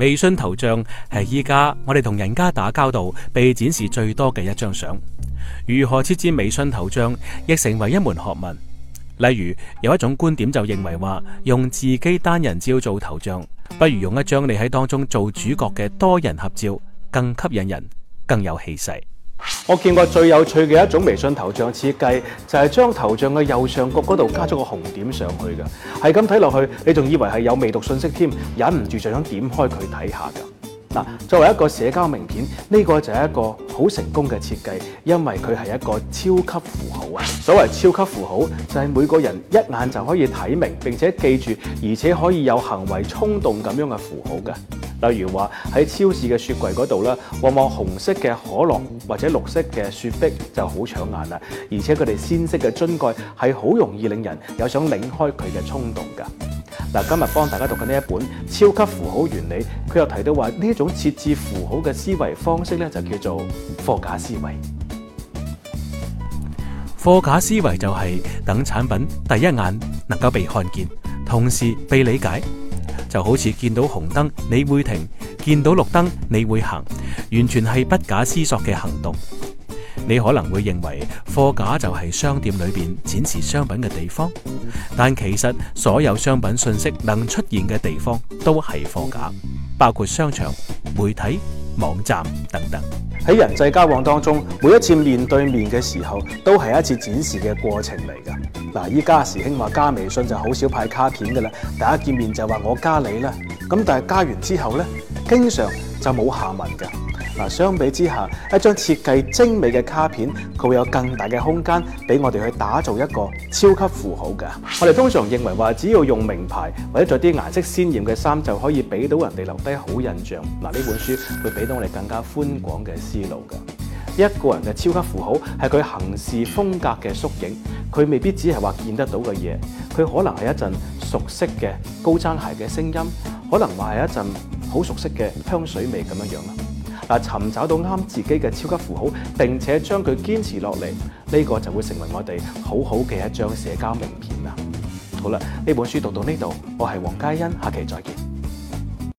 微信頭像係依家我哋同人家打交道被展示最多嘅一張相。如何設置微信頭像亦成為一門學問。例如，有一種觀點就認為話，用自己單人照做頭像，不如用一張你喺當中做主角嘅多人合照，更吸引人，更有氣勢。我見過最有趣嘅一種微信頭像設計，就係將頭像嘅右上角嗰度加咗個紅點上去噶，係咁睇落去，你仲以為係有未讀信息添，忍唔住就想點開佢睇下噶。作為一個社交名片，呢個就係一個好成功嘅設計，因為佢係一個超級符號啊。所謂超級符號，就係每個人一眼就可以睇明，並且記住，而且可以有行為衝動咁樣嘅符號嘅。例如話喺超市嘅雪櫃嗰度咧，往往紅色嘅可樂或者綠色嘅雪碧就好搶眼啦，而且佢哋鮮色嘅樽蓋係好容易令人有想擰開佢嘅衝動㗎。嗱，今日幫大家讀緊呢一本《超級符號原理》，佢又提到話呢一種設置符號嘅思維方式咧，就叫做貨架思維。貨架思維就係等產品第一眼能夠被看見，同時被理解。就好似見到紅燈你會停，見到綠燈你會行，完全係不假思索嘅行動。你可能會認為貨架就係商店裏邊展示商品嘅地方，但其實所有商品信息能出現嘅地方都係貨架，包括商場、媒體、網站等等。喺人際交往當中，每一次面對面嘅時候，都係一次展示嘅過程嚟噶。嗱，依家時興話加微信就好少派卡片嘅啦，大家見面就話我加你啦，咁但係加完之後呢，經常就冇下文嘅。嗱，相比之下，一張設計精美嘅卡片，佢會有更大嘅空間俾我哋去打造一個超級符號嘅。 我哋通常認為話，只要用名牌或者著啲顏色鮮豔嘅衫就可以俾到人哋留低好印象。嗱，呢 本書會俾到我哋更加寬廣嘅思路嘅。一個人嘅超級符號係佢行事風格嘅縮影。佢未必只係話見得到嘅嘢，佢可能係一陣熟悉嘅高踭鞋嘅聲音，可能話係一陣好熟悉嘅香水味咁樣樣咯。嗱，尋找到啱自己嘅超級符號，並且將佢堅持落嚟，呢個就會成為我哋好好嘅一張社交名片啦。好啦，呢本書讀到呢度，我係黃嘉欣，下期再見。